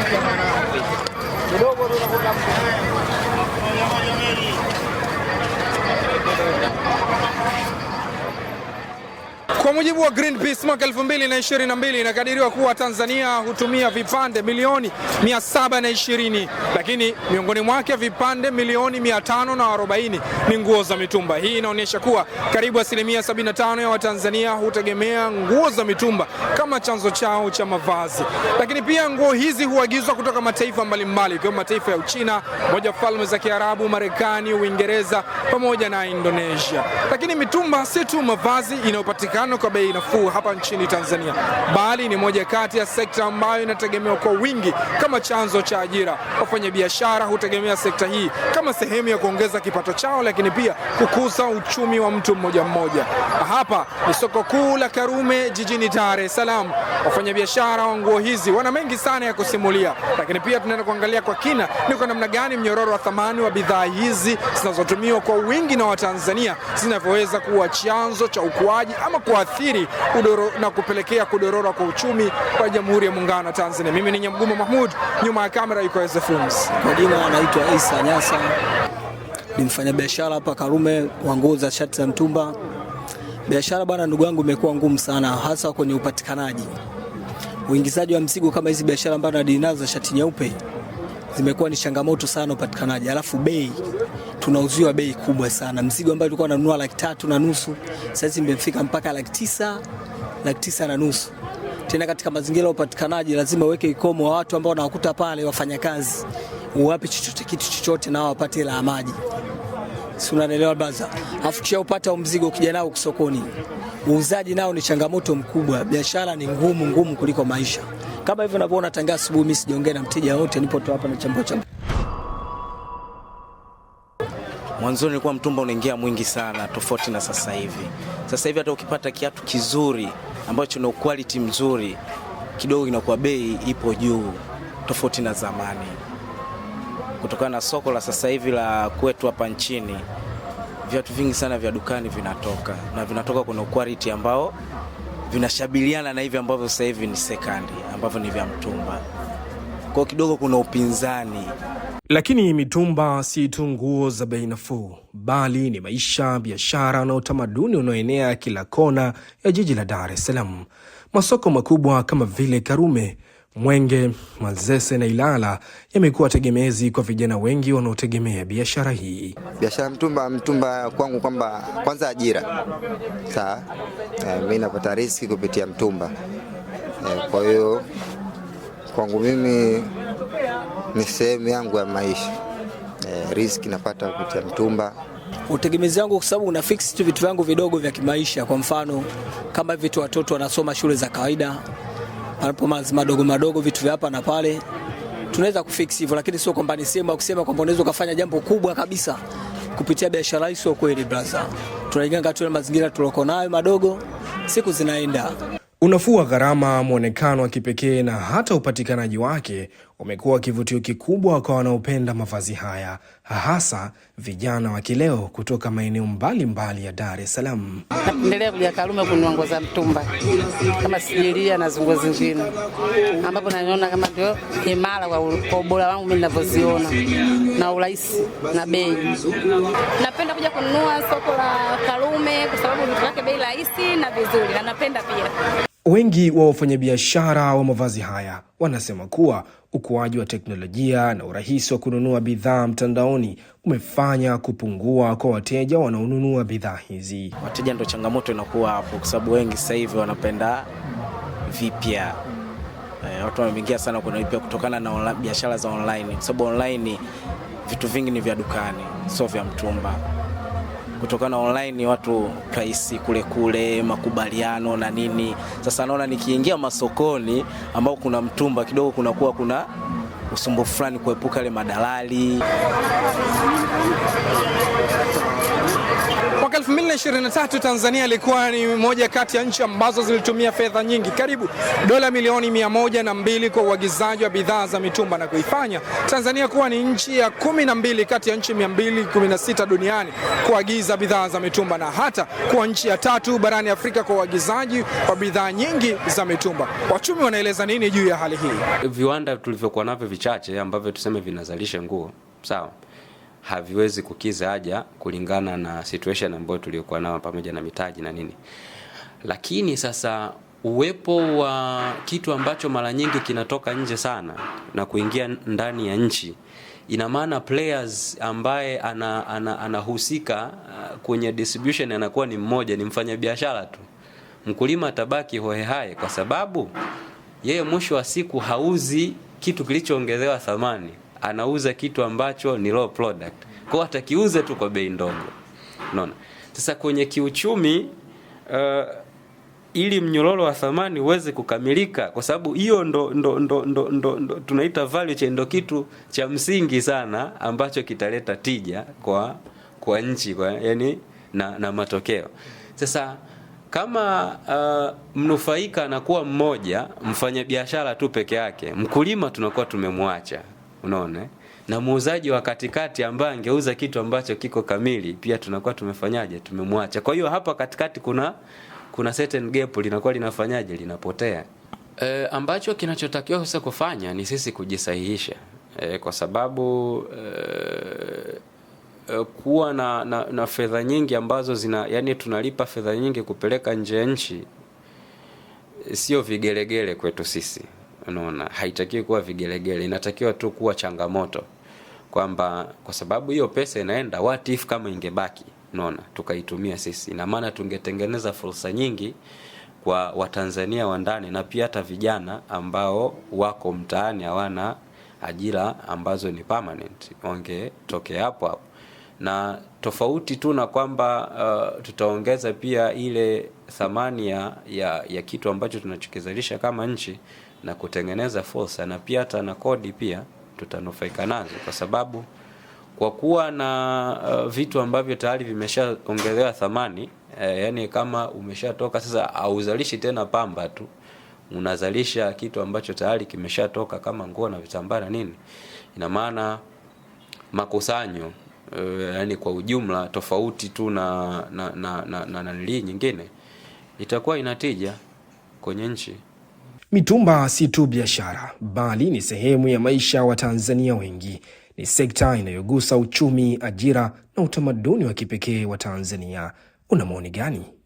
Gracias. Kwa mujibu wa Greenpeace mwaka 2022 inakadiriwa kuwa Tanzania hutumia vipande milioni 720, lakini miongoni mwake vipande milioni 540 ni nguo za mitumba. Hii inaonyesha kuwa karibu asilimia 75 ya Watanzania hutegemea nguo za mitumba kama chanzo chao cha mavazi, lakini pia nguo hizi huagizwa kutoka mataifa mbalimbali ikiwemo mataifa ya Uchina, moja falme za Kiarabu, Marekani, Uingereza pamoja na Indonesia. Lakini mitumba si tu mavazi inayopatikana kwa bei nafuu hapa nchini Tanzania, bali ni moja kati ya sekta ambayo inategemewa kwa wingi kama chanzo cha ajira. Wafanyabiashara hutegemea sekta hii kama sehemu ya kuongeza kipato chao, lakini pia kukuza uchumi wa mtu mmoja mmoja. Hapa ni soko kuu la Karume jijini Dar es Salaam. Wafanyabiashara wa nguo hizi wana mengi sana ya kusimulia, lakini pia tunaenda kuangalia kwa kina ni kwa namna gani mnyororo wa thamani wa bidhaa hizi zinazotumiwa kwa wingi na Watanzania zinavyoweza kuwa chanzo cha ukuaji ama kwa kuathiri udoro, na kupelekea kudorora kwa uchumi kwa Jamhuri ya Muungano wa Tanzania. Mimi ni Nyamgumo Mahmud, nyuma ya kamera iko Eze Films. Kwa jina anaitwa Isa Nyasa, ni mfanyabiashara hapa Karume wa nguo za shati za mtumba. Biashara bwana, ndugu yangu, imekuwa ngumu sana, hasa kwenye upatikanaji, uingizaji wa mzigo kama hizi biashara ambazo nadili nazo za shati nyeupe zimekuwa ni changamoto sana upatikanaji, alafu bei tunauziwa bei kubwa sana. Mzigo ambao tulikuwa tunanunua laki tatu na nusu sasa hivi imefika mpaka laki tisa, laki tisa na nusu tena katika mazingira ya upatikanaji lazima uweke ikomo wa watu ambao wanawakuta pale wafanyakazi, uwape chochote kitu chochote na wapate la maji, si unanielewa baza? Afu kisha upata mzigo ukija nao sokoni, uuzaji nao ni changamoto mkubwa, biashara ni ngumu ngumu kuliko maisha. Kama hivyo unavyoona, tangia asubuhi mimi sijaongea na mteja wote tu hapa na chambua chambua. Mwanzoni nilikuwa mtumba unaingia mwingi sana, tofauti na sasa hivi. Sasa hivi hata ukipata kiatu kizuri ambacho na quality mzuri kidogo, inakuwa bei ipo juu, tofauti na zamani, kutokana na soko la sasa hivi la kwetu hapa nchini viatu vingi sana vya dukani vinatoka na vinatoka kuna quality ambao vinashabiliana na hivi ambavyo sasa hivi ni sekandi ambavyo ni vya mtumba, kwa kidogo kuna upinzani. Lakini mitumba si tu nguo za bei nafuu, bali ni maisha, biashara na utamaduni unaoenea kila kona ya jiji la Dar es Salaam. Masoko makubwa kama vile Karume Mwenge, malzese na Ilala yamekuwa tegemezi kwa vijana wengi wanaotegemea biashara hii. Biashara mtumba, mtumba kwangu kwamba kwanza ajira saa e, eh, mimi napata riski kupitia mtumba e, kwa hiyo kwangu mimi ni sehemu yangu ya maisha e, riski napata kupitia mtumba utegemezi wangu kwa sababu una fix tu vitu vyangu vidogo vya kimaisha. Kwa mfano kama vitu watoto wanasoma shule za kawaida panapo madogo madogo vitu vya hapa na pale tunaweza kufix hivyo, lakini sio kwamba ni sema kusema kwamba unaweza kufanya jambo kubwa kabisa kupitia biashara hii, sio kweli brother. Tunaiganga tu mazingira tuloko nayo madogo, siku zinaenda. Unafua gharama, mwonekano wa kipekee na hata upatikanaji wake umekuwa kivutio kikubwa kwa wanaopenda mavazi haya, hasa vijana wa kileo kutoka maeneo mbalimbali ya Dar es Salaam. Napendelea kuja Karume kununua nguo za mtumba kama sijiria na zunguo zingine, ambapo naniona kama ndio imara kwa ubora wangu mimi ninavyoziona na urahisi na bei. Napenda kuja kununua soko la Karume kwa sababu vitu vyake bei rahisi na vizuri, na napenda pia Wengi wa wafanyabiashara wa mavazi haya wanasema kuwa ukuaji wa teknolojia na urahisi wa kununua bidhaa mtandaoni umefanya kupungua kwa wateja wanaonunua bidhaa hizi. Wateja ndo changamoto inakuwa hapo, kwa sababu wengi sasa hivi wanapenda vipya. E, watu wameingia sana kuna vipya kutokana na biashara za online, kwa sababu online vitu vingi ni vya dukani, sio vya mtumba kutokana online ni watu price kule kule, makubaliano na nini. Sasa naona nikiingia masokoni ambao kuna mtumba kidogo, kunakuwa kuna usumbufu fulani kuepuka ile madalali 2023 Tanzania ilikuwa ni moja kati ya nchi ambazo zilitumia fedha nyingi, karibu dola milioni mia moja na mbili kwa uagizaji wa bidhaa za mitumba na kuifanya Tanzania kuwa ni nchi ya kumi na mbili kati ya nchi 216 duniani kuagiza bidhaa za mitumba na hata kuwa nchi ya tatu barani Afrika kwa uagizaji wa bidhaa nyingi za mitumba. Wachumi wanaeleza nini juu ya hali hii? Viwanda tulivyokuwa navyo vichache ambavyo tuseme vinazalisha nguo, sawa haviwezi kukiza haja kulingana na situation ambayo tuliokuwa nayo pamoja na mitaji na nini. Lakini sasa uwepo wa kitu ambacho mara nyingi kinatoka nje sana na kuingia ndani ya nchi, ina maana players ambaye anahusika ana, ana uh, kwenye distribution anakuwa ni mmoja, ni mfanyabiashara tu. Mkulima atabaki hohehae kwa sababu yeye mwisho wa siku hauzi kitu kilichoongezewa thamani anauza kitu ambacho ni low product, kwa atakiuza tu kwa bei ndogo. Unaona, sasa kwenye kiuchumi uh, ili mnyororo wa thamani uweze kukamilika, kwa sababu hiyo ndo, ndo, ndo, ndo, ndo, ndo tunaita value chain, ndo kitu cha msingi sana ambacho kitaleta tija kwa, kwa nchi kwa, yani, na, na matokeo sasa kama uh, mnufaika anakuwa mmoja, mfanyabiashara tu peke yake, mkulima tunakuwa tumemwacha unaona eh? na muuzaji wa katikati ambaye angeuza kitu ambacho kiko kamili pia tunakuwa tumefanyaje, tumemwacha. Kwa hiyo hapa katikati kuna kuna certain gap linakuwa linafanyaje, linapotea. E, ambacho kinachotakiwa sasa kufanya ni sisi kujisahihisha e, kwa sababu e, kuwa na, na, na fedha nyingi ambazo zina yani tunalipa fedha nyingi kupeleka nje ya nchi sio vigelegele kwetu sisi unaona, haitakiwi kuwa vigelegele, inatakiwa tu kuwa changamoto kwamba kwa sababu hiyo pesa inaenda, what if kama ingebaki, unaona, tukaitumia sisi, na maana tungetengeneza fursa nyingi kwa Watanzania wa ndani na pia hata vijana ambao wako mtaani hawana ajira ambazo ni permanent, wangetokea hapo hapo, na tofauti tu na kwamba uh, tutaongeza pia ile thamani ya, ya kitu ambacho tunachokizalisha kama nchi na kutengeneza fursa, na pia hata na kodi pia tutanufaika nazo, kwa sababu kwa kuwa na uh, vitu ambavyo tayari vimeshaongelewa thamani eh, yani kama umeshatoka sasa, hauzalishi tena pamba tu, unazalisha kitu ambacho tayari kimeshatoka kama nguo na vitambaa na nini, ina maana makusanyo uh, yani kwa ujumla tofauti tu na na na, na, na, na nyingine itakuwa inatija kwenye nchi. Mitumba si tu biashara bali ni sehemu ya maisha wa Tanzania wengi. Ni sekta inayogusa uchumi, ajira na utamaduni wa kipekee wa Tanzania. Una maoni gani?